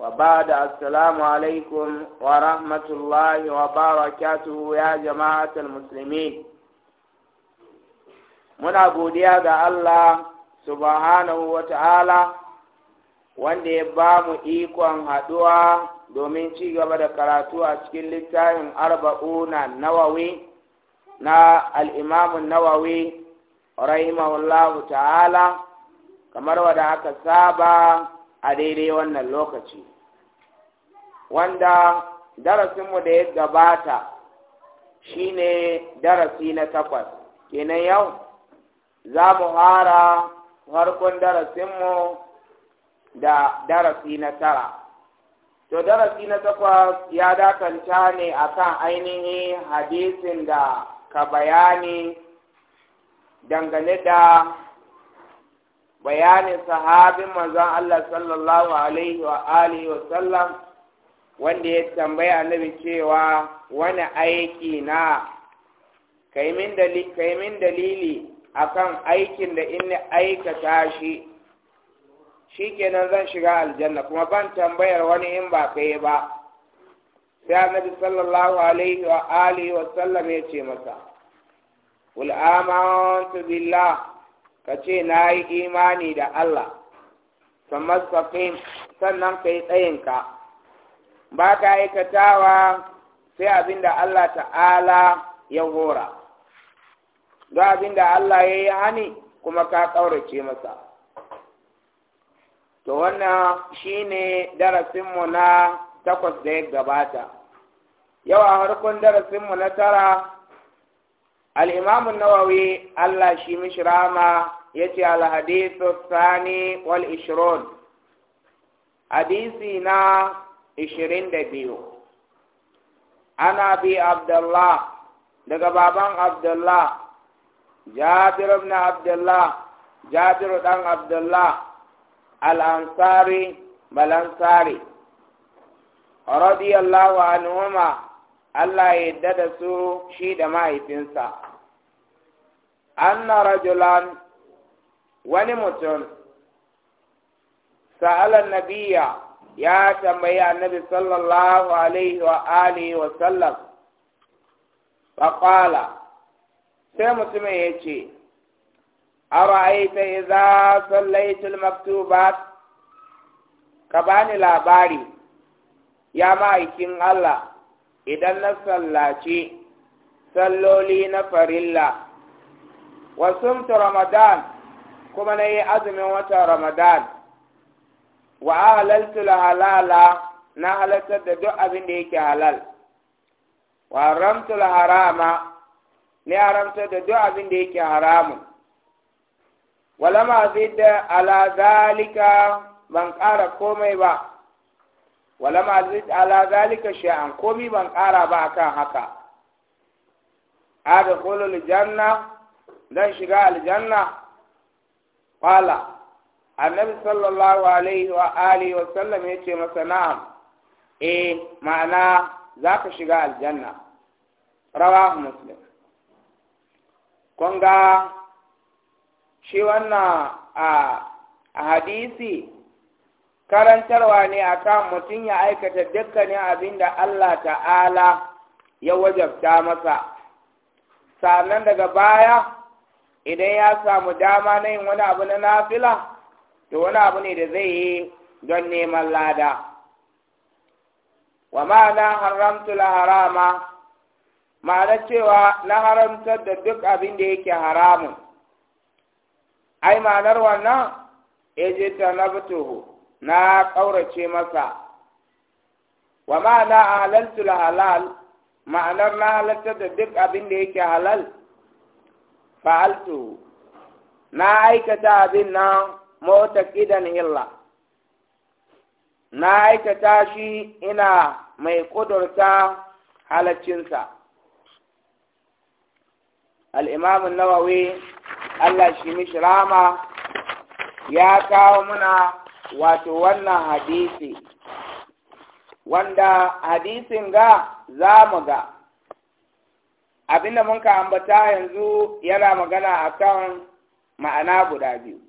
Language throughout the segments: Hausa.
وبعد السلام عليكم ورحمة الله وبركاته يا جماعة المسلمين muna godiya ga Allah subhanahu wa ta'ala wanda ya ba mu ikon haɗuwa domin ci gaba da karatu a cikin littafin arba'una nawawi na al'imamun nawawi rahimahullahu ta'ala kamar wadda aka saba a daidai wannan lokaci. wanda darasinmu da ya gabata shine darasi na takwas kenan yau za mu hara farkon darasinmu da darasi na tara to darasi na takwas ya dakanta ne akan ainihin hadisin da ka bayani dangane da bayanin sahabin manzon Allah sallallahu alaihi wa alihi wa sallam wanda ya tambaya annabi cewa wani aiki na kai min dalili akan aikin da in aikata shi shi kenan zan shiga aljanna kuma ban tambayar wani in ba kai ba sai annabi sallallahu alaihi wa alihi wa sallam ya ce masa qul amantu billah na yi imani da Allah kamar sannan kai tsayinka ba ka aikatawa sai abin da Allah ta'ala ya hora ga abin da Allah ya yi hani kuma ka ƙaurace masa to wannan shine darasinmu na takwas da ya gabata yau a harkon darasinmu na tara al'imamun nawawi Allah shi mishi rama, ya ce alhadisu sani wal ishirun hadisi na ishirin da biyu ana bi abdullah daga baban abdullah jabir na abdullah jabir dan abdullah al-ansari balansari radiyallahu anhuma Allah ya yadda da su shi da mahaifinsa anna rajulan wani mutum sa'alan nabiya ya tambayi annabi sallallahu alaihi wa alihi wa sallam faƙala sai mutumin ya ce a ara'aita iza sallaitul maktubat ka bani labari ya ma'aikin Allah idan na sallaci salloli na farilla wasumtu ramadan kuma na yi azumin watan ramadan wa halaltu halala na halartar da duk abin da yake halal wa haramtu harama ne haramtar da duk abin da yake haramun ma zidda ala zalika ban ƙara komai ba wala ma zidda ala zalika sha'an komai ban ƙara ba akan haka adkhulul janna dan shiga aljanna qala annabi sallallahu alaihi wa alihi wa sallam ya ce masa na'am eh ma'ana za ka shiga aljanna rawahu muslim kun ga shi wannan a hadisi karantarwa ne akan mutum ya aikata dukkanin abin da Allah ta'ala ya wajabta masa sannan daga baya idan ya samu dama na yin wani abu na nafila to wani abu ne da zai yi don neman lada wa ma'ana haramtu la harama ma'ana cewa na haramtar da duk abin da yake haramun ai ma'anar wannan ejita na na ƙaurace masa wa ma'ana halaltu la halal ma'anar na halartar da duk abin da yake halal fa'altu na aikata abin nan mutaqidan hilla na aikata tashi ina mai ƙudurta halaccinsa al'imamun nawawi Allah shi mishi rama ya kawo muna wato wannan hadisi wanda hadisin ga za mu ga abinda mun ka ambata yanzu yana magana akan ma'ana guda biyu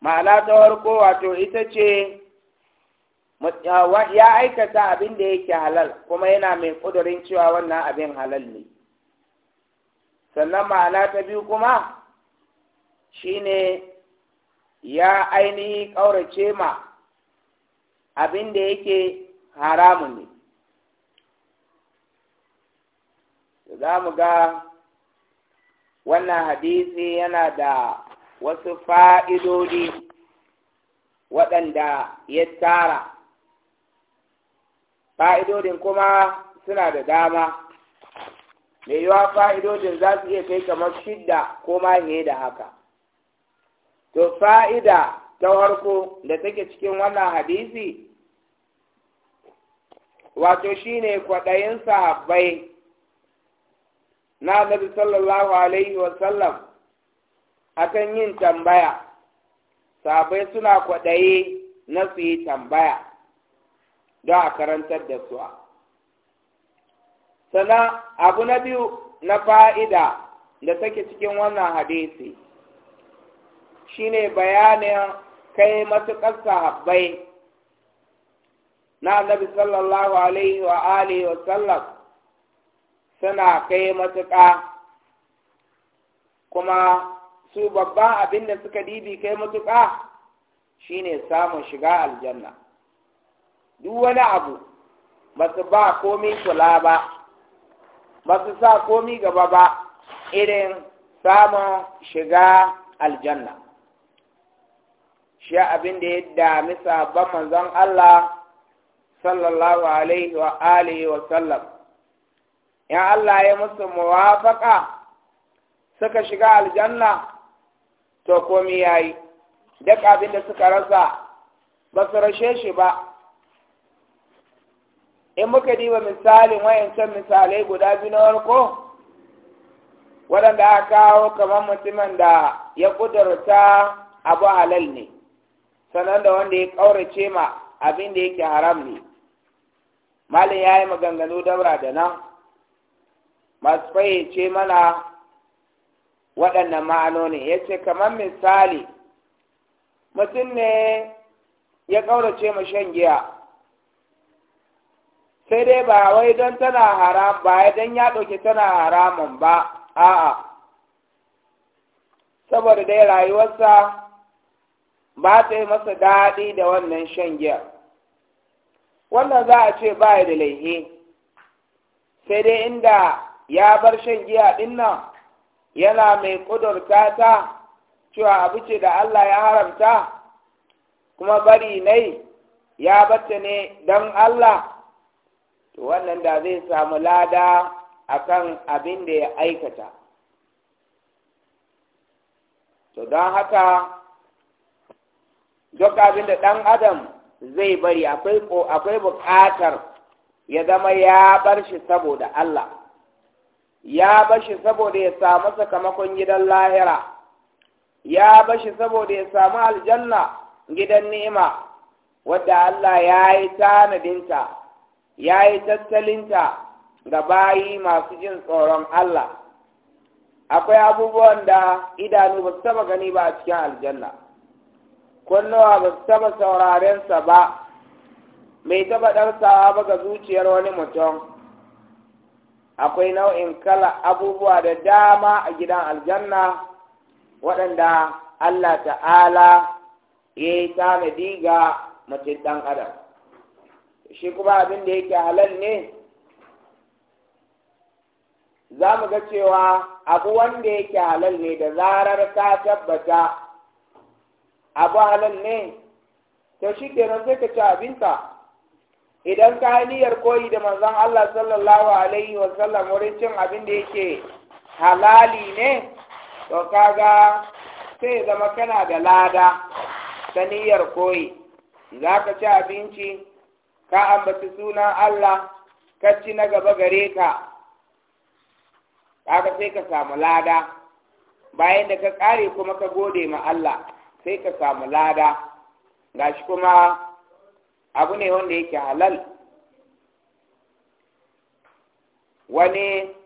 ma'ana ta warko wato ita ce ya aikata abin da yake halal kuma yana mai ƙudurin cewa wannan abin halal ne sannan ma'ana ta biyu kuma shine ya ainihi ƙaurace ma abin da yake haramu ne za mu ga wannan hadisi yana da wasu fa'idodi waɗanda ya tara fa'idodin kuma suna da dama mai yiwa fa'idodin za su iya kai kamar shidda ko ma da haka to fa'ida ta warko da take cikin wannan hadisi wato shine kwaɗayin sahabbai na nabi sallallahu alaihi wasallam akan yin tambaya sabai suna kwaɗaye na su yi tambaya don a karantar da suwa. sannan abu na biyu na fa'ida da take cikin wannan hadisi shine bayanin kai matuƙar sahabbai na annabi sallallahu alaihi wa alihi wa sallam suna kai matuƙa kuma su babban abin da suka dibi kai matuƙa shine samun shiga aljanna duk wani abu ba su ba komi kula ba ba su sa komi gaba ba irin samun shiga aljanna shi abin da ya dami sabon manzon Allah sallallahu alaihi wa alihi wa sallam in Allah ya musu muwafaka suka shiga aljanna to komi ya yi duk abin da suka rasa ba su rashe shi ba in muka diba misalin wayancan misalai guda biyu na farko waɗanda aka kawo kamar mutumin da ya ƙudurta abu halal ne sannan da wanda ya ƙaurace ma abin da yake haram ne malin ya yi maganganu daura da nan masu fayyace mana waɗannan ma'anoni ya ce kamar misali mutum ne ya ƙaurace ma shan giya sai dai ba wai don tana haram ba don ya ɗauki tana haramun ba a'a saboda dai rayuwarsa ba ta yi masa daɗi da wannan shan giya wannan za a ce ba da laifi. sai dai inda ya bar shan giya ɗin nan yana mai ƙudurta ta cewa abu ce da Allah ya haramta kuma bari nai ya bata ne don Allah to wannan da zai samu lada a kan abin da ya aikata to don haka duk abin da ɗan adam zai bari akwai buƙatar ya zama ya bar shi saboda Allah ya bashi saboda ya samu sakamakon gidan lahira ya bashi saboda ya samu aljanna gidan ni'ima wadda Allah ya yi tanadinta ya yi tattalinta ga bayi masu jin tsoron Allah akwai abubuwan da idanu ba su taba gani ba a cikin aljanna kunnuwa ba su taba saurarensa ba mai taba ɗarsawa ba ga zuciyar wani mutum akwai nau'in kala abubuwa da dama a gidan aljanna waɗanda Allah ta'ala ya yi tanadi ga mace ɗan adam shi kuma abin da yake halal ne za mu ga cewa abu wanda yake halal ne da zarar ka tabbata abu halal ne to shi kenan sai ka ci abinta idan ka niyyar koyi da manzon Allah sallallahu alaihi wa sallam wurin cin abin da yake halali ne to kaga sai zama kana da lada ta niyyar koyi za ka ci abinci ka ambaci sunan Allah ka ci na gaba gare ka kaga sai ka samu lada bayan da ka kare kuma ka gode ma Allah sai ka samu lada gashi kuma abu ne wanda yake halal wani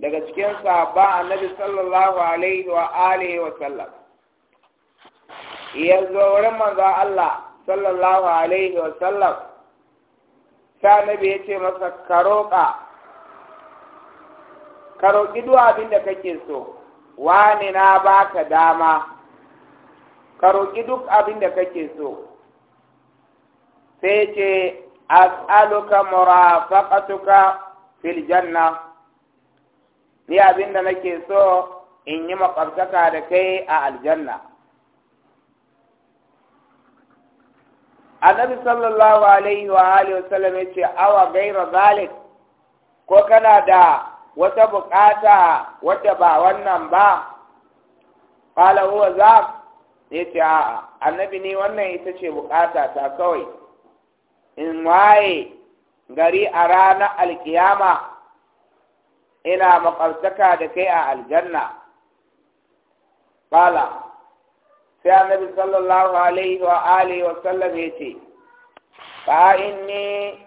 daga cikin sahaba annabi sallallahu alaihi wa alihi wa sallam ya zo wurin manzo Allah sallallahu alaihi wa sallam sai nabi ya ce masa karoka karoki duk abin da kake so wani na baka dama karoki duk abin da kake so sai ce as'aluka murafaqatuka fil janna ni abinda nake so in yi makwabtaka da kai a aljanna annabi sallallahu alaihi wa alihi wasallam yace awa gaira zalik ko kana da wata bukata wata ba wannan ba qala huwa za yace a'a annabi ne wannan ita ce bukata ta kawai in waye gari a ranar alkiyama ina makwabtaka da kai a aljanna Bala, sai annabi sallallahu alaihi wa alihi wa sallam ya ce ba ne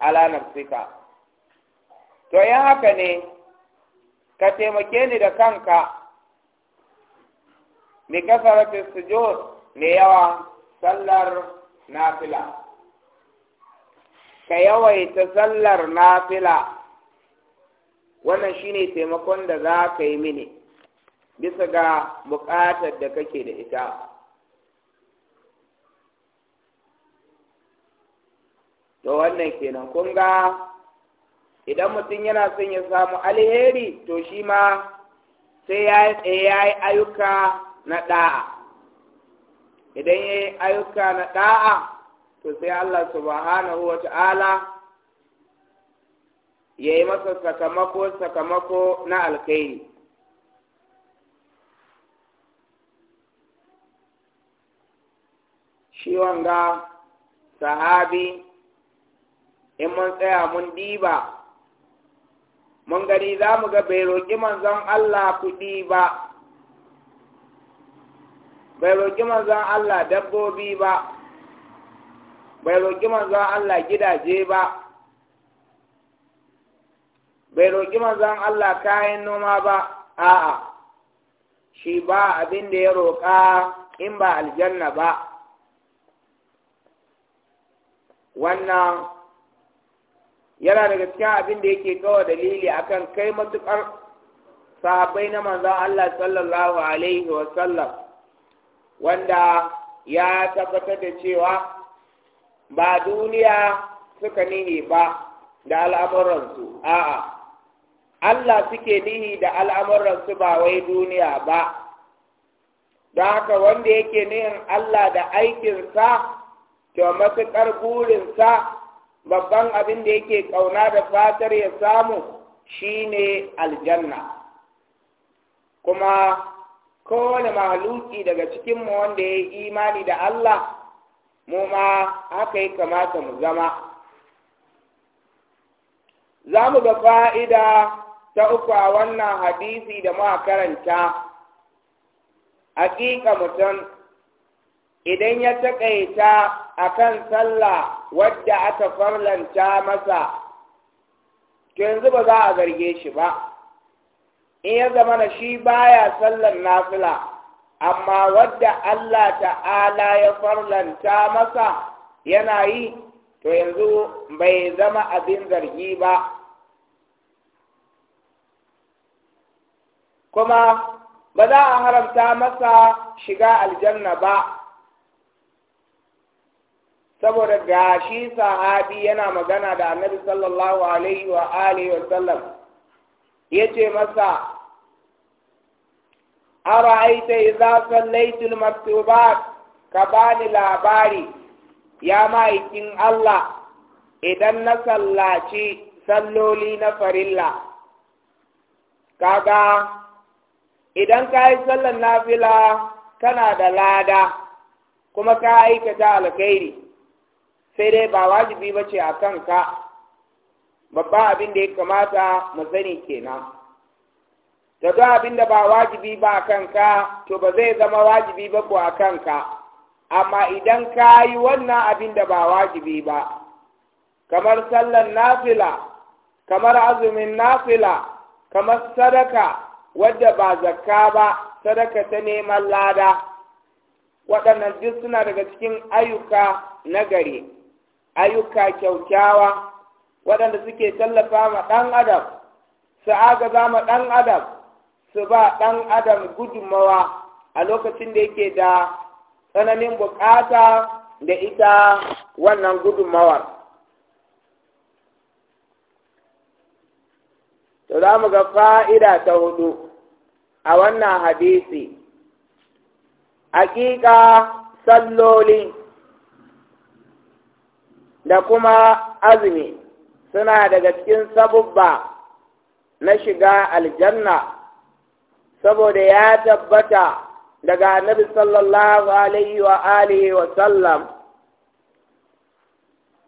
alanar nafsika to yin haka ne ka taimake ni da kanka ni kasarar sujud ne yawa sallar na fila? ka yawaita sallar nafila wannan shine taimakon da za ka yi mini bisa ga buƙatar da kake da ita to wannan kenan kun ga idan mutum yana son ya samu alheri to shi ma sai ya yi tsaye ya ayyuka na ɗa'a idan ya yi ayyuka na ɗa'a to sai Allah subhanahu wa ta'ala ya yi masa sakamako sakamako na alkhairi shi wanga sahabi in mun tsaya mun diba mun gani za mu ga bai roƙi manzon Allah kuɗi ba bai roƙi manzon Allah dabbobi ba bai roƙi manzon Allah gidaje ba bai roƙi manzon Allah kayan noma ba a'a shi ba abin da ya roƙa in ba aljanna ba wannan yana daga cikin abin da yake kawo dalili akan kai matuƙar sahabbai na manzon Allah sallallahu alaihi wasallam wanda ya tabbatar da cewa ba duniya suka nihi ba da al'amuransu a'a Allah suke nihi da al'amuransu ba wai duniya ba don haka wanda yake nihin Allah da aikinsa to matuƙar burinsa babban abin da yake ƙauna da fatar ya samu shine aljanna kuma kowane mahaluki daga cikinmu wanda ya yi imani da Allah mu ma haka yi kamata mu zama za mu ga fa'ida ta uku a wannan hadisi da ma karanta hakika mutum idan ya taƙaita a kan sallah wadda aka farlanta masa to yanzu ba za a zarge shi ba in ya zama na shi baya sallan nafila amma wadda Allah ta'ala ya farlanta masa yana yi to yanzu bai zama abin zargi ba kuma ba za a haramta masa shiga aljanna ba saboda ga shi sahabi yana magana da annabi sallallahu alaihi wa alihi wa sallam ya ce masa ara'aita idza sallaitul maktubat ka bani labari ya ma'aikin Allah idan na sallaci salloli na farilla kaga idan ka yi sallan nafila kana da lada kuma ka aikata alkhairi sai dai ba wajibi ba ce a kanka babban abin da ya kamata mu sani kenan da duk abin da ba wajibi ba a kanka to ba zai zama wajibi ba ko a kanka amma idan ka yi wannan abin da ba wajibi ba kamar sallar nafila kamar azumin nafila kamar sadaka wadda ba zakka ba sadaka ta neman lada waɗannan duk suna daga cikin ayyuka na gari ayyuka kyaukyawa waɗanda suke tallafa ma ɗan adam su agaza ma ɗan adam su ba ɗan adam gudunmawa a lokacin da yake da tsananin buƙata da ita wannan gudunmawar. To za mu ga fa'ida ta hudu a wannan hadisi, hakika salloli da kuma azumi suna daga cikin sabubba na shiga aljanna. saboda ya tabbata daga anabi, sallallahu alaihi wa alihi wa sallam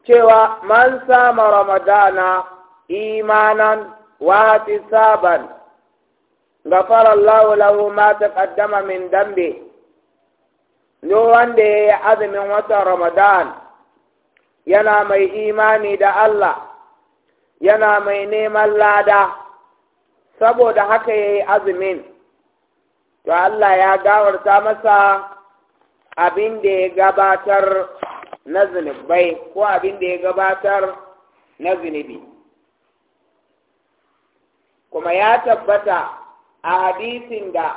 cewa man sama ramadana imanan wa tisaban غفر الله له ما تقدم min ذنبه duk wanda ya yi azumin watan Ramadan yana mai imani da Allah, yana mai neman lada, saboda haka ya yi azumin, to Allah ya gawarta masa abin da ya gabatar na zunubai ko abin da ya gabatar na zunubi kuma ya tabbata a hadisin da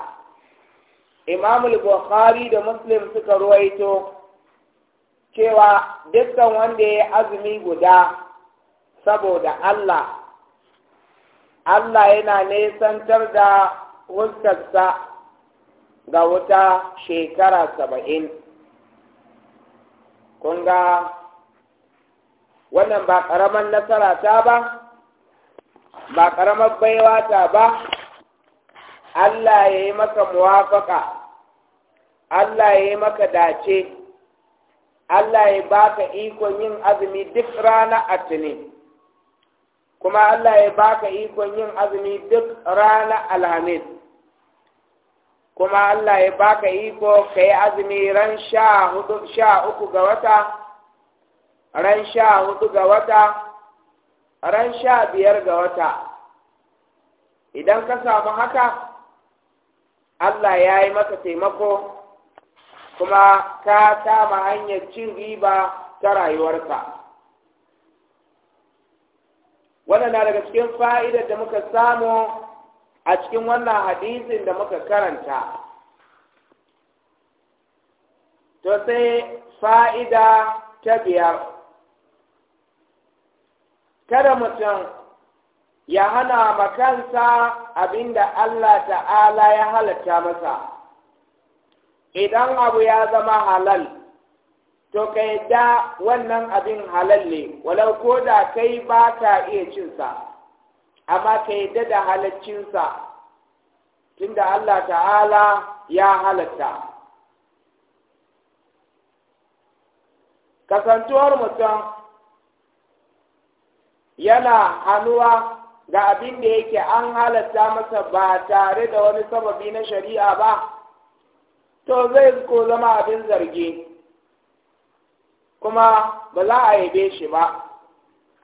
imamul bukhari da muslim suka ruwaito cewa dukkan wanda ya azumi guda saboda Allah Allah yana nesantar da huskarsa ga wuta shekara saba'in kun ga wannan ba ƙaramar nasara ta ba ba ƙaramar baiwa ta ba Allah ya yi maka muwafaka Allah ya yi maka dace Allah ya baka ikon yin azumi duk rana a tuni, kuma Allah ya baka ikon yin azumi duk rana Alhamis kuma Allah ya baka iko ka yi azumi ran sha hudu sha uku ga wata ran sha hudu ga wata ran sha biyar ga wata idan ka samu haka Allah ya yi maka taimako kuma ka kama hanyar cin riba ta rayuwarka wannan na daga cikin fa'idar da muka samu a cikin wannan hadisin da muka karanta to sai fa'ida ta biyar kada mutum ya hana makansa abinda Allah ta'ala ya halatta masa idan abu ya zama halal to ka da wannan abin halal ne walau ko da kai ba ka iya cinsa amma ka yadda da halaccinsa tunda Allah ta'ala ya halatta kasantuwar mutum yana hannuwa ga abin da yake an halatta masa ba tare da wani sababi na shari'a ba to zai ko zama abin zargi kuma ba za a yabe shi ba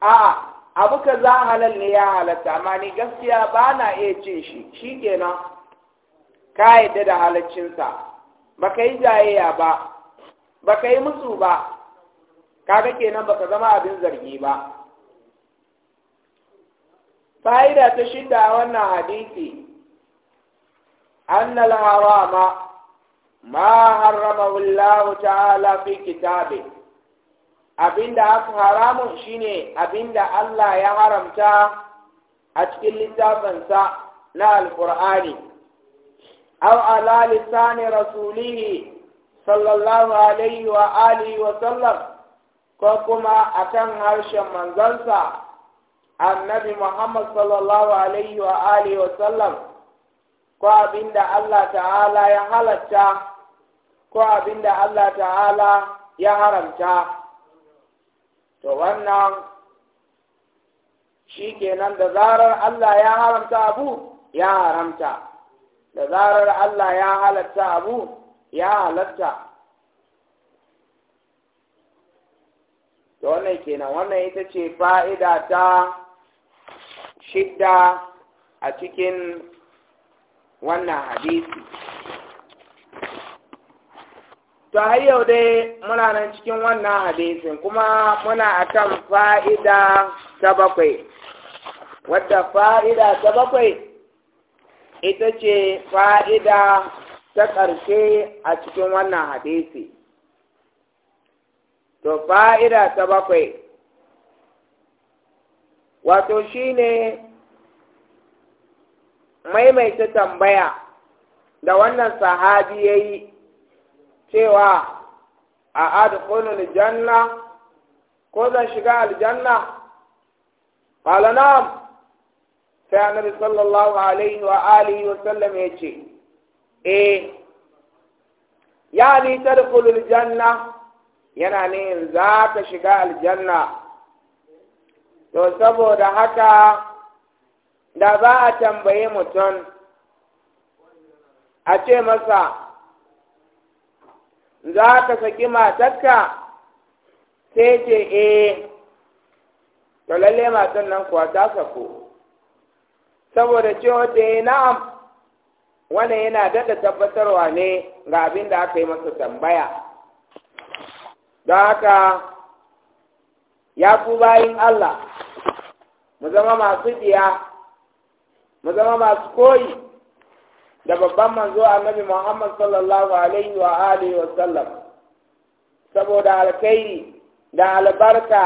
a'a abu ka za halal ne ya halatta amma ni gaskiya ba na iya cin shi shi kenan ka yadda da halaccinsa ba ka yi jayayya ba ba ka yi musu ba kaga kenan ba ka zama abin zargi ba fa'ida ta shida a wannan hadisi an harama ma harramahu Allah ta'ala fi kitabe abinda aka haramun shine abinda Allah ya haramta a cikin littafinsa na alkur'ani aw ala lisani rasulihi sallallahu alaihi wa alihi wa sallam ko kuma akan harshen manzansa annabi Muhammad sallallahu alaihi wa alihi wa sallam ko abinda Allah ta'ala ya halatta ko abinda Allah ta'ala ya haramta to wannan shi kenan da zarar Allah ya haramta abu ya haramta da zarar Allah ya halatta abu ya halatta to wannan kenan wannan ita ce fa'ida ta shidda a cikin wannan hadisi to har yau dai muna nan cikin wannan hadisin kuma muna a kan fa'ida ta bakwai wadda fa'ida ta bakwai ita ce fa'ida ta ƙarshe a cikin wannan hadisi to fa'ida ta bakwai wato shi ne maimaita tambaya da wannan sahabi ya yi cewa a adkhulul aljanna ko zan shiga aljanna qala na'am sai annabi sallallahu alaihi wa alihi wa sallam ya ce eh ya ni tadkhulul janna yana ne za ka shiga aljanna to saboda haka da za a tambaye mutum a ce masa za ka saki matarka sai ce e. to lalle matan nan kuwa ta sako saboda cewa ta yi na'am wannan yana daɗa tabbatarwa ne ga abin da aka yi masa tambaya don haka ya fi bayin Allah mu zama masu biya mu zama masu koyi da babban manzo annabi Muhammad sallallahu alaihi wa alihi wa sallam saboda alkhairi da albarka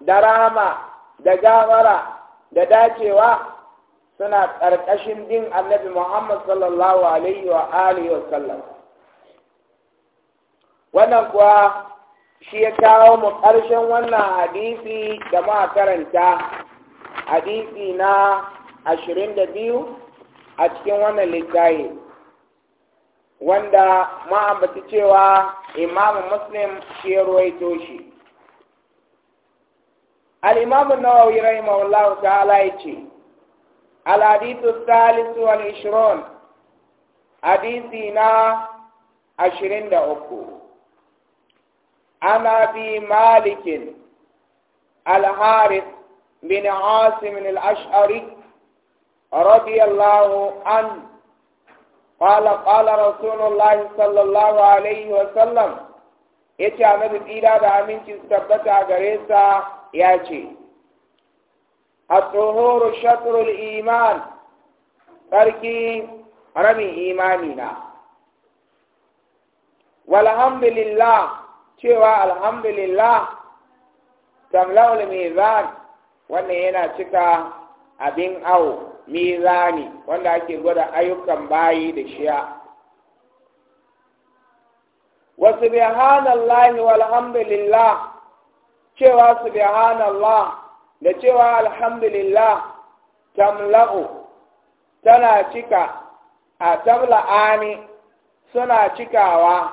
da rama da gafara da dacewa suna ƙarƙashin din annabi Muhammad sallallahu alaihi wa alihi wa sallam wannan kuwa shi ya kawo mu ƙarshen wannan hadisi da ma karanta hadisi na ashirin da biyu a cikin wannan littafi wanda ma'ambaci cewa Imam muslim shi ya ruwaito shi al-imamu nawawi rahimahullahu ta'ala yace al al thalith wal 20 hadisi na 23 ana bi malikin al-harith bin asim al-ash'ari رضي الله عنه قال قال رسول الله صلى الله عليه وسلم yace annabi tsira da aminci su tabbata gare sa ya ce at-tuhuru shatrul iman tsarki rabin imani na walhamdulillah cewa alhamdulillah tamla'ul mizan wannan yana cika abin awo mizani wanda ake gwada ayyukan bayi da shiya wa subhanallahi walhamdulillah cewa subhanallah da cewa alhamdulillah tamla'u tana cika a tamla'ani suna cikawa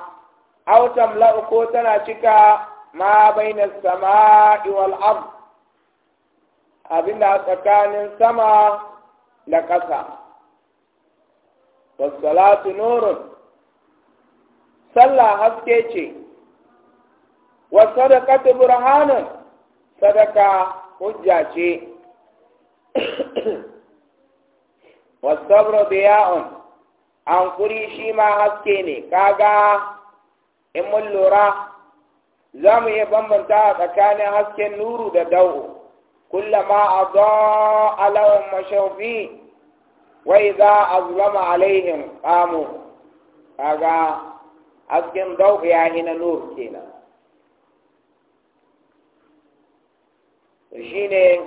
aw tamla'u ko tana cika ma baina sama'i wal ard abinda tsakanin sama na ƙasa wasalatu nurun sallah haske ce wasadaqatu burhanun sadaka hujja ce wasabru an kuri shi ma haske ne kaga in mun lura za mu iya bambanta a tsakanin hasken nuru da dau'u كلما أضاء لهم مشوا فيه وإذا أظلم عليهم قاموا kaga hasken dauka ya yi na nur kenan ne.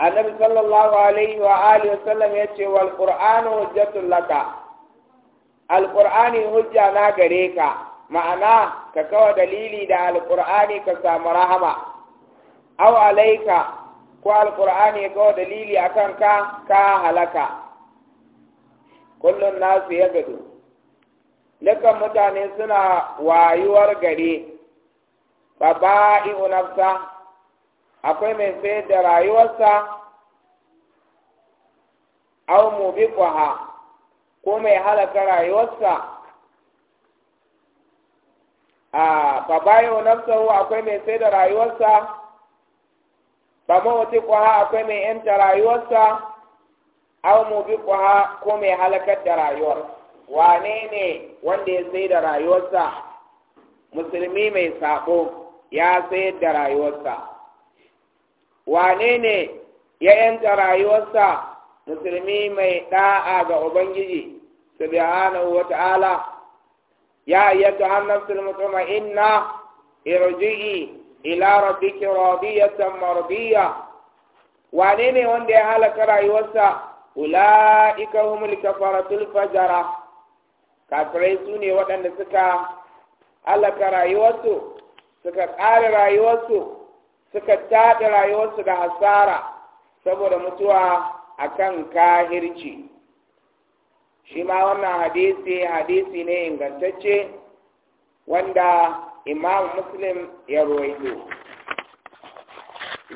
annabi sallallahu alaihi wa alihi wasallam ya ce wal qur'anu hujjatul laka alqur'ani hujja na gare ka ma'ana ka kawo dalili da Alƙur'ani ka samu rahama aw alaika ko alqur'ani ya dalili akan ka ka halaka kullun nasu ya gado dukan mutane suna wayuwar gare baba'i'u nafsa akwai mai sayar da rayuwarsa aw mubiqaha ko mai halaka rayuwarsa a babayo nafsahu akwai mai sai da rayuwarsa ba mawuti kwaha akwai mai yanta rayuwarsa aw mubi kwaha ko mai halakar da rayuwar wane ne wanda ya sai da rayuwarsa musulmi mai saƙo ya sayar da rayuwarsa wane ne ya yanta rayuwarsa musulmi mai da'a ga ubangiji subhanahu ta'ala. ya ayyatu annabtul mutmainna irji'i ila rabbika radiyatan mardiya wane ne wanda ya halaka rayuwarsa ula'ika humul kafaratul fajara kafirai su ne waɗanda suka halaka rayuwarsu suka ƙare rayuwarsu suka taɗa rayuwarsu da hasara saboda mutuwa a kan kahirci shi ma wannan hadisi hadisi ne ingantacce wanda imam muslim ya ruwaito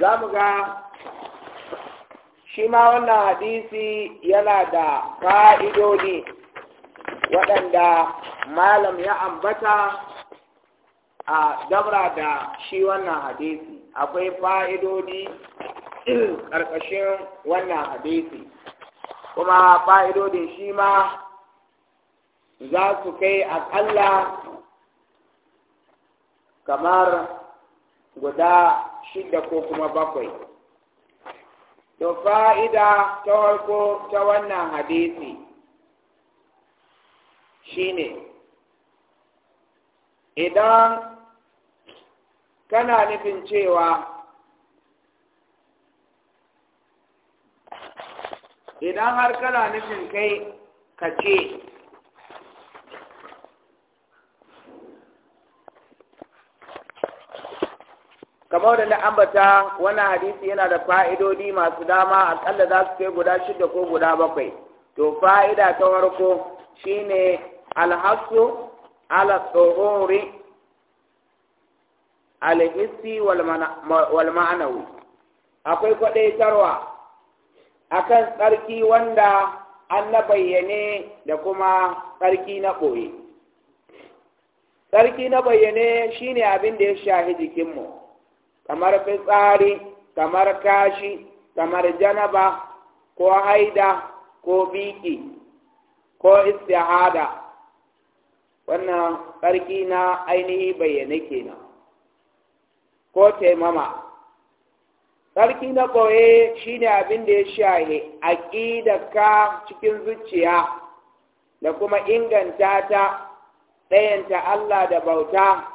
za mu ga shi ma wannan hadisi yana da fa'idodi waɗanda malam ya ambata a dabra da shi wannan hadisi akwai fa'idodi ƙarƙashin wannan hadisi kuma fa'idodin shi ma za su kai aƙalla kamar guda shida ko kuma bakwai to fa'ida ta farko ta wannan hadisi shine idan kana nufin cewa idan har kana nufin kai ka ce kamar da na ambata wannan hadisi yana da fa'idodi masu dama akalla za su kai guda shida ko guda bakwai to fa'ida ta farko shine alhassu ala tsohori alhissi wal ma'anawi akwai a akan tsarki wanda an na bayyane da kuma tsarki na ɓoye tsarki na bayyane shine abin da ya shahi jikinmu kamar fitsari kamar kashi kamar janaba ko haida ko biki ko istihada wannan tsarki na ainihi bayyane kenan ko taimama tsarki na shi shine abin da ya shahe ka cikin zuciya da kuma inganta ta ɗayanta Allah da bauta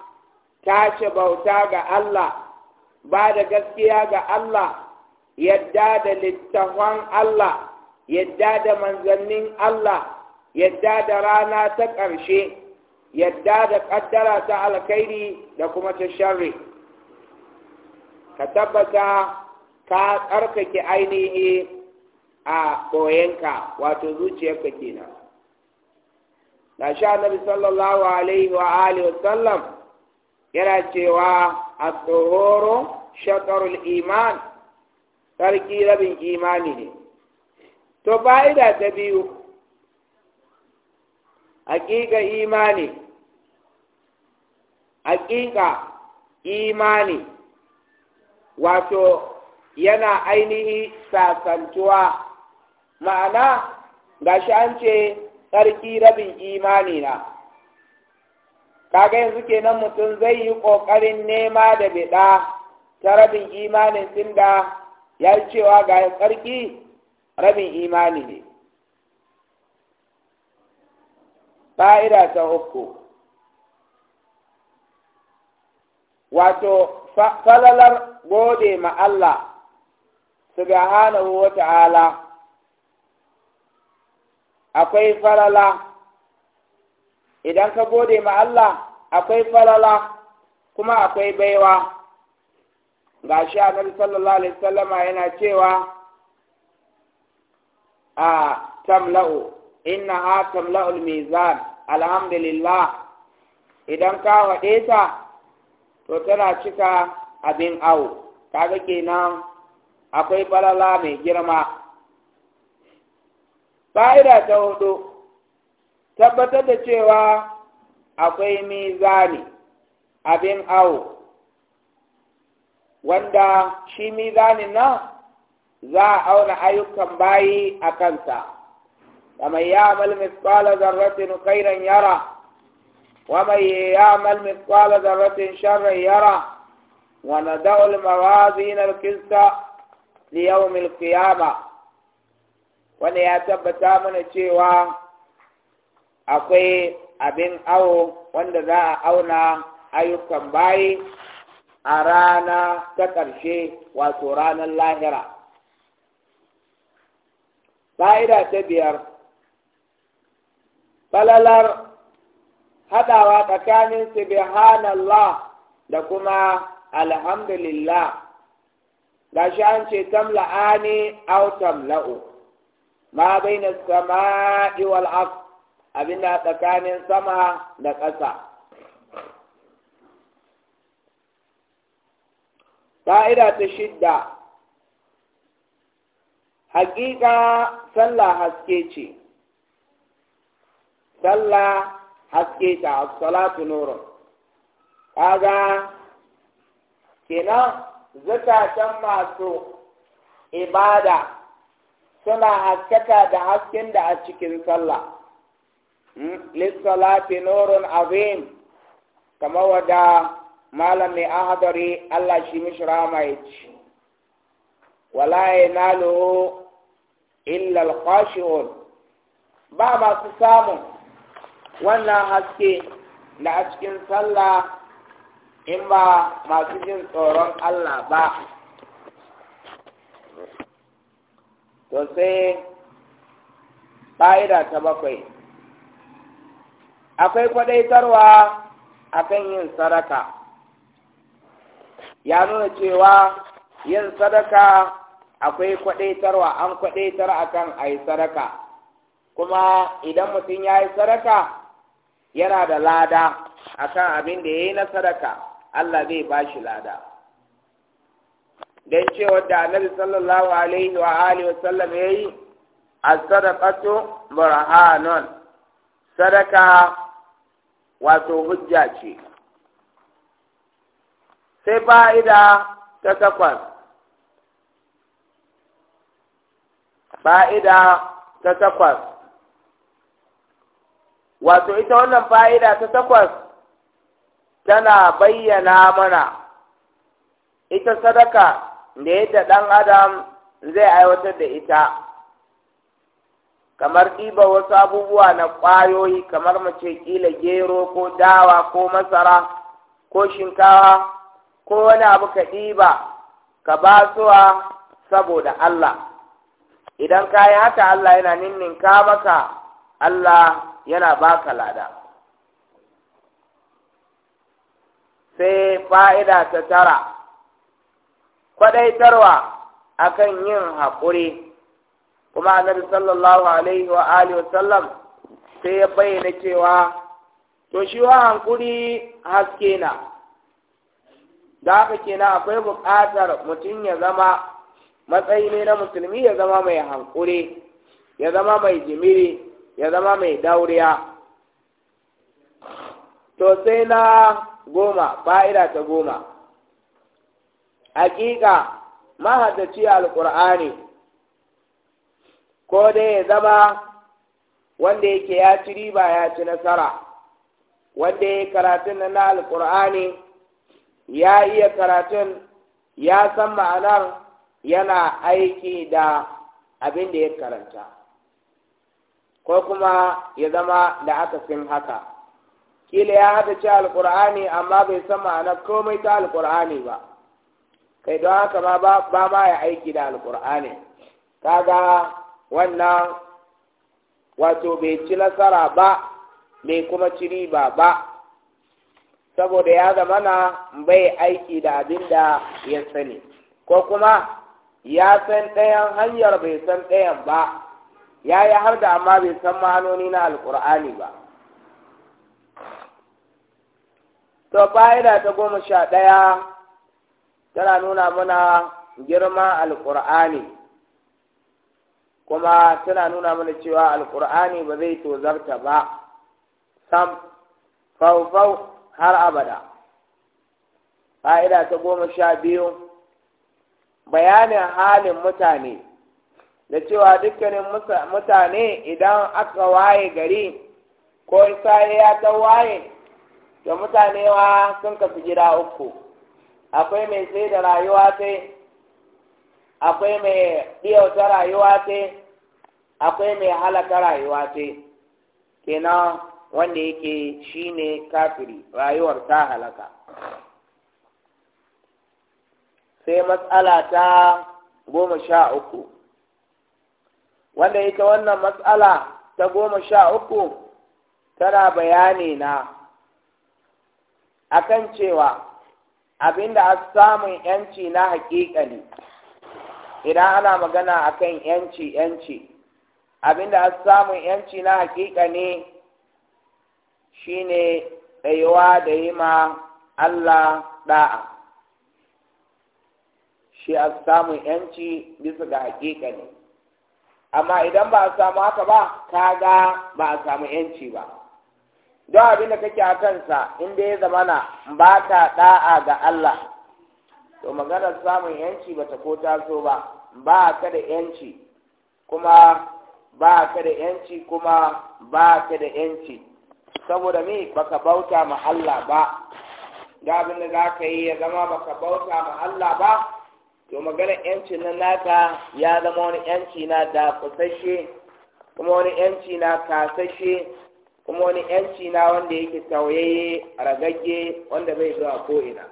tace bauta ga Allah ba da gaskiya ga Allah yadda da littafan Allah yadda da manzannin Allah yadda da rana ta ƙarshe yadda da ƙaddara ta alkhairi da kuma ta sharri ka tabbata ka tsarkake ainihi a ɓoyenka wato zuciyarka kenan Na sha nabi sallallahu alaihi wa alihi wasallam yana cewa a tsohoro shakarul iman sarki rabin imani ne to fa'ida ta biyu hakika imani hakika imani wato yana ainihi sasantuwa ma'ana ga shi an ce sarki rabin imani na kaga yanzu kenan mutum zai yi ƙoƙarin nema da biɗa ta rabin imanin tun da ya yi cewa ga tsarki rabin imani ne fa'ida ta uku wato falalar gode ma Allah subhanahu wa ta'ala akwai falala idan ka gode ma Allah akwai falala kuma akwai baiwa ga shi annabi sallallahu alaihi wasallama yana cewa a tamla'u inna ha tamla'u al-mizan alhamdulillah idan ka wade ta to tana cika abin awo kaga kenan akwai falala mai girma fa'ida ta hudu tabbatar da cewa akwai mizani abin awo wanda shi mizanin na, za a auna ayyukan bayi a kansa ya ya'mal mithqala zarratin khairan yara ya ومن يعمل مثقال ذرة شرا يرى وندع الموازين القسط ليوم القيامة Wani ya tabbata mana cewa akwai abin awo wanda za a auna ayyukan bayi a rana ta ƙarshe wato ranar lahira fa'ida ta biyar falalar haɗawa tsakanin subhanallah da kuma alhamdulillah shi an ce tamla'ani au la'u. ma bai na sama'i wal'af abin da tsakanin sama da ƙasa ƙa'ida ta shidda haƙiƙa sallah haske ce sallah haske ta salatu nurun kaga kenan can masu ibada suna haskaka da hasken da a cikin sallah Hmm? lissalati nurun azim kama wada malam mai ahadari Allah shi mishi rama ya ci wala ya illa alqashirun ba masu samun wannan haske da a cikin sallah in ba masu jin tsoron Allah ba to sai ƙa'ida ta bakwai akwai kwadaitarwa akan yin sadaka ya nuna cewa yin sadaka akwai kwadaitarwa an kwadaitar akan a yi sadaka kuma idan mutum ya yi sadaka yana da lada a kan abin da ya yi na sadaka Allah zai ba shi lada don cewar da annabi sallallahu alaihi wa alihi wasallam ya yi a sadaka to sadaka wato hujja ce sai fa'ida ta takwas fa'ida ta takwas wato ita wannan fa'ida ta takwas tana bayyana mana ita sadaka da yadda ɗan adam zai aiwatar da ita kamar ɗiba wasu abubuwa na ƙwayoyi kamar mace ƙila gero ko dawa ko masara ko shinkawa ko wani abu ka ɗiba ka ba suwa saboda Allah idan ka yi haka Allah yana ninninka maka Allah yana baka lada sai fa'ida ta tara kwaɗaitarwa akan yin haƙuri kuma annabi sallallahu alaihi wa alihi wasallam sai ya bayyana cewa to shi wa hankuri haske na da haka kenan akwai buƙatar mutum ya zama matsayi ne na musulmi ya zama mai hankuri ya zama mai jimiri ya zama mai dauriya to sai na goma fa'ida ta goma hakika mahaddaci alƙur'ani ko dai ya zama wanda yake ya ci riba ya ci nasara wanda ya karatun na alkur'ani ya iya karatun ya san ma'anar yana aiki da abin da ya karanta ko kuma ya zama da aka akasin haka kila ya haɗa ci alkur'ani amma bai san ma'anar komai ta alkur'ani ba kai don haka ma ba ma ya aiki da alkur'ani kaga wannan wato bai ci nasara ba bai kuma ci riba ba saboda ya zama na, bai aiki da abin da ya sani ko kuma ya san ɗayan hanyar bai san ɗayan ba ya yi har da amma bai san ma'anoni na alƙur'ani ba to fa'ida ta goma sha ɗaya tana nuna muna girma alƙur'ani kuma tana nuna mana cewa alkur'ani ba zai tozarta ba sam faufau har abada fa'ida ta goma sha biyu bayanin halin mutane da cewa dukkanin mutane idan aka waye gari ko ya ta waye da mutane wa sun kafi gida uku akwai mai sai da rayuwa sai akwai mai wata rayuwa ce akwai mai halaka rayuwa ce kenan wanda yake ne kafiri rayuwar ta halaka sai matsala ta goma sha uku wanda ita wannan matsala ta goma sha uku tana bayani na akan cewa abinda a samun yanci na haƙiƙa ne idan ana magana akan yanci yanci abinda an samun yanci na hakika ne shine tsayuwa da yi ma Allah da'a shi a samun yanci bisa ga hakika ne amma idan ba a samu haka ba kaga ba a samu yanci ba don abin da kake a kansa inda ya zamana ba ta ɗa'a ga Allah to maganar samun yanci ba ta ko taso ba ba ka da yanci kuma ba ka da yanci kuma ba ka da yanci saboda me baka bauta ma Allah ba ga abin da za ka yi ya zama baka bauta ma Allah ba to magana yanci na naka ya zama wani yanci na da kusashe kuma wani yanci na kasashe kuma wani yanci na wanda yake a ragagge wanda bai zuwa ko'ina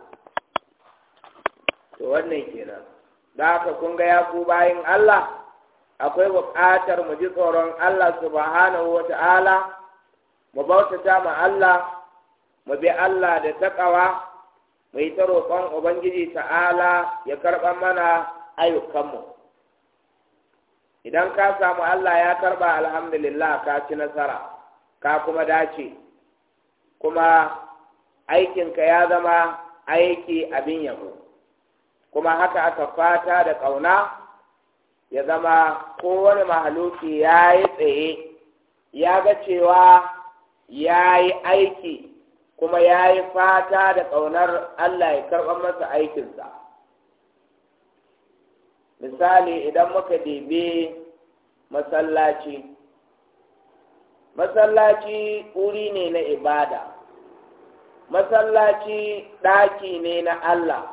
to wannan kenan da aka kun ga ya bayin Allah akwai buƙatar mu ji tsoron Allah subhanahu wa ta'ala mu bautata ma Allah mu bi Allah da taƙawa mu yi ta roƙon Ubangiji ta'ala ya karɓa mana ayyukanmu idan ka samu Allah ya karɓa alhamdulillah ka ci nasara ka kuma dace kuma aikinka ya zama aiki abin yabo kuma haka aka fata da ƙauna ya zama kowane mahaluki ya yi tsaye ya ga cewa ya yi aiki kuma ya yi fata da ƙaunar Allah ya karɓar masa aikinsa misali idan muka debe masallaci masallaci wuri ne na ibada masallaci ɗaki ne na Allah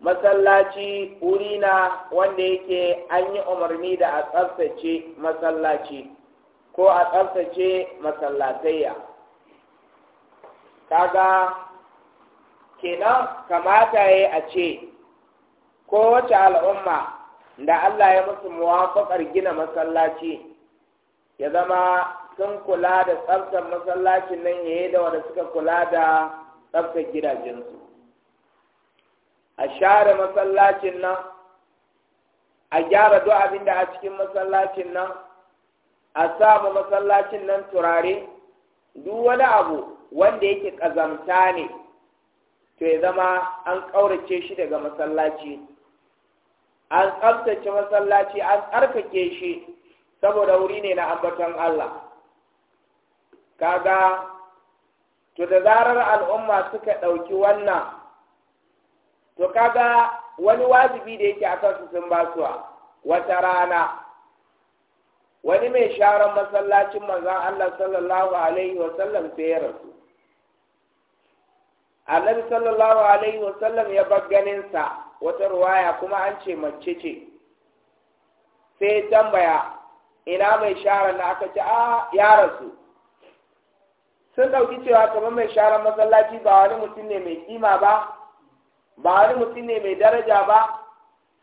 masallaci wuri na wanda yake an yi umarni da a tsaftace masallaci ko a tsaftace masallatayya kaga kenan kamata ya a ce kowace al'umma da Allah ya musu muwafaƙar gina masallaci ya zama sun kula da tsaftar masallacin nan yayi da wanda suka kula da tsaftar gidajensu a share masallacin nan a gyara duk abin da a cikin masallacin nan a sama masallacin nan turare duk wani abu wanda yake ƙazamta ne to ya zama an ƙaurace shi daga masallaci an tsaftace masallaci an tsarkake shi saboda wuri ne na ambaton Allah kaga to da zarar al'umma suka ɗauki wannan to kaga wani wajibi da yake a kansu sun ba suwa wata rana wani mai sharan masallacin manzon Allah sallallahu alaihi wa sallam sai ya rasu annabi sallallahu alaihi wa sallam ya bar ganinsa wata ruwaya kuma an ce mace ce sai tambaya ina mai sharan da aka ce a ya rasu sun ɗauki cewa kamar mai sharan masallaci ba wani mutum ne mai kima ba ba wani mutum ne mai daraja ba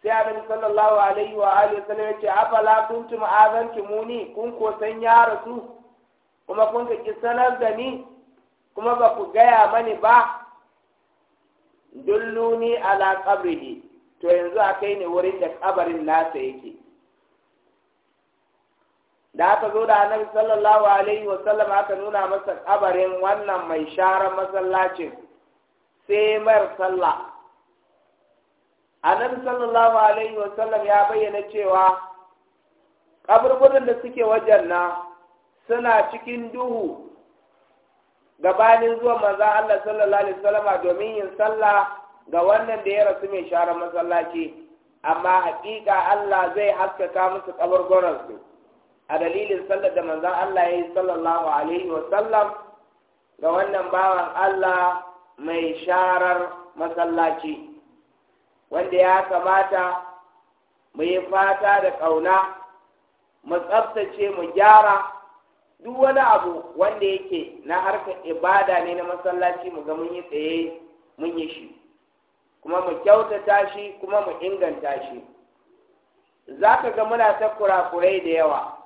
sai annabi sallallahu alaihi wa alihi wasallam ya ce afala kuntum muni kun ko san ya rasu kuma kun ka ki sanar da ni kuma ba ku gaya mani ba dulluni ala qabrihi to yanzu a kai ne wurin da kabarin nasa yake da aka zo da annabi sallallahu alaihi wa sallam aka nuna masa kabarin wannan mai sharar masallacin sai mar sallah annabi sallallahu alaihi wasallam ya bayyana cewa kaburburin da suke wajen na suna cikin duhu gabanin zuwa maza Allah sallallahu alaihi wasallam domin yin sallah ga wannan da ya rasu mai share masallaci amma hakika Allah zai haskaka musu kaburburan su a dalilin sallar da manzon Allah ya yi sallallahu alaihi wasallam ga wannan bawan Allah mai sharar masallaci wanda ya kamata mu yi fata da ƙauna mu tsaftace mu gyara duk wani abu wanda yake na harkar ibada ne na masallaci mu ga mun yi tsaye mun yi shi kuma mu kyautata shi kuma mu inganta shi za ka ga muna ta kurakurai da yawa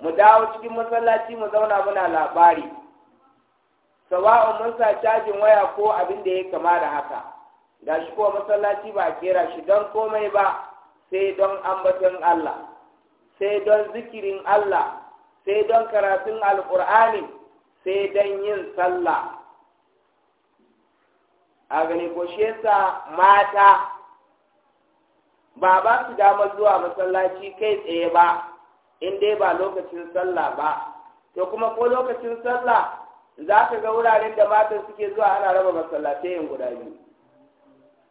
mu dawo cikin masallaci mu zauna muna labari sawa'un mun sa cajin waya ko abin da ya kama da haka da shi ko masallaci ba a kera shi don komai ba sai don ambaton Allah sai don zikirin Allah sai don karatun alƙur'ani sai don yin sallah a gani ko shi yasa mata ba ba su dama zuwa masallaci kai tsaye ba in dai ba lokacin sallah ba to kuma ko lokacin sallah za ka ga wuraren da mata suke zuwa ana raba masallatai guda biyu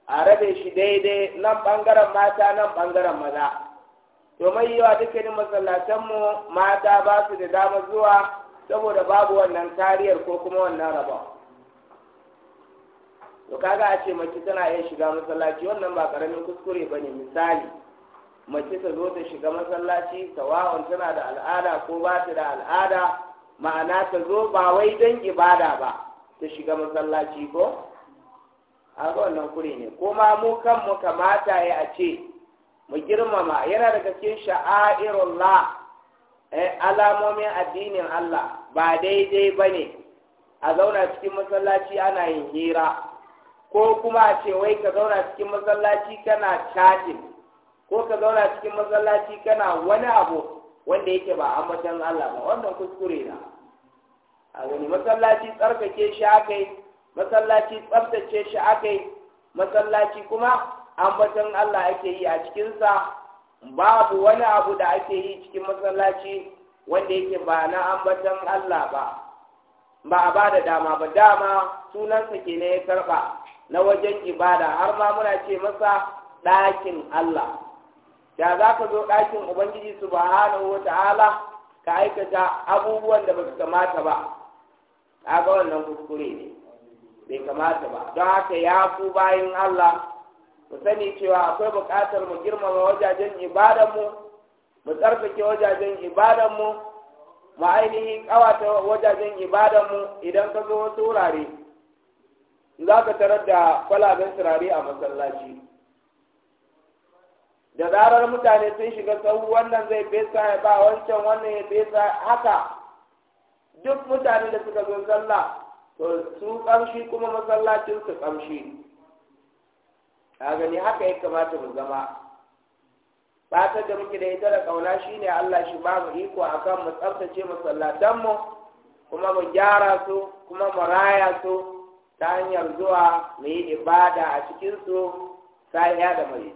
a rabe shi daidai nan ɓangaren mata nan ɓangaren maza domin yi wa dukkanin masallatanmu mata ba su da damar zuwa saboda babu wannan kariyar ko kuma wannan rabon to kaga a ce mace tana iya shiga masallaci wannan ba karamin kuskure ba ne misali mace ta zo ta shiga masallaci tawa'un tana da al'ada ko ba ta da al'ada ma'ana ta zo ba wai don ibada ba ta shiga masallaci ko an ga wannan kure ne kuma mu kanmu kamata ya a ce mu girmama yana daga cikin sha'airullah eh, alamomin addinin Allah ba daidai ba ne a zauna cikin masallaci ana yin hira ko kuma a ce wai ka zauna cikin masallaci kana chatting ko ka zauna cikin masallaci kana wani abu wanda yake ba ambatan Allah ba wannan kuskure ne a wani masallaci tsarkake shi akai masallaci tsabtace shi aka yi masallaci kuma ambaton Allah ake yi a cikinsa babu wani abu da ake yi cikin masallaci wanda yake ba na ambaton Allah ba ba a ba da dama ba dama sunansa ke ne ya karɓa na wajen ibada har ma muna ce masa ɗakin Allah da za ka zo ɗakin Ubangiji su ba hana wata ta'ala ka aikata abubuwan da ba su kamata ba ga wannan kuskure ne bai kamata ba don haka ya ku bayan Allah mu sani cewa akwai buƙatar mu girmama wajajen ibadanmu mu tsarkake wajajen ibadanmu mu ainihi ƙawata wajajen ibadanmu idan ka zo wasu wurare za ka tarar da kwalaben turare a masallaci da zarar mutane sun shiga sahu wannan zai fesa ya ba wancan wannan ya fesa haka duk mutane da suka zo sallah to su kamshi kuma masallacin su kamshi gani haka ya kamata mu zama fatar da muke da ita da kauna shine Allah shi ba mu iko akan mu tsaftace masallatan mu kuma mu gyara su kuma mu raya su ta hanyar zuwa mu yi ibada a cikin su sahiya da mai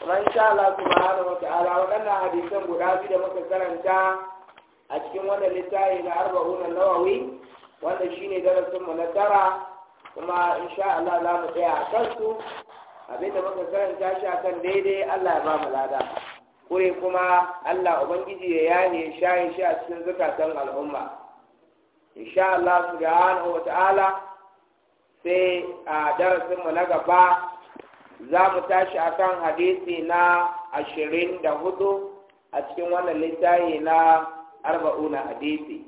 kuma insha Allah subhanahu wa ta'ala waɗannan hadisan guda biyu da muka karanta a cikin wannan littafi na arba'una nawawi wanda shine darasin mu na tara kuma insha Allah za mu tsaya a kansu abinda muka karanta shi akan daidai Allah ya ba mu lada kure kuma Allah ubangiji ya yaye shaye shi a cikin zukatan al'umma insha Allah subhanahu wa ta'ala sai a darasinmu na gaba za mu tashi a kan hadisi na ashirin da hudu a cikin wannan littafi na arba'una hadisi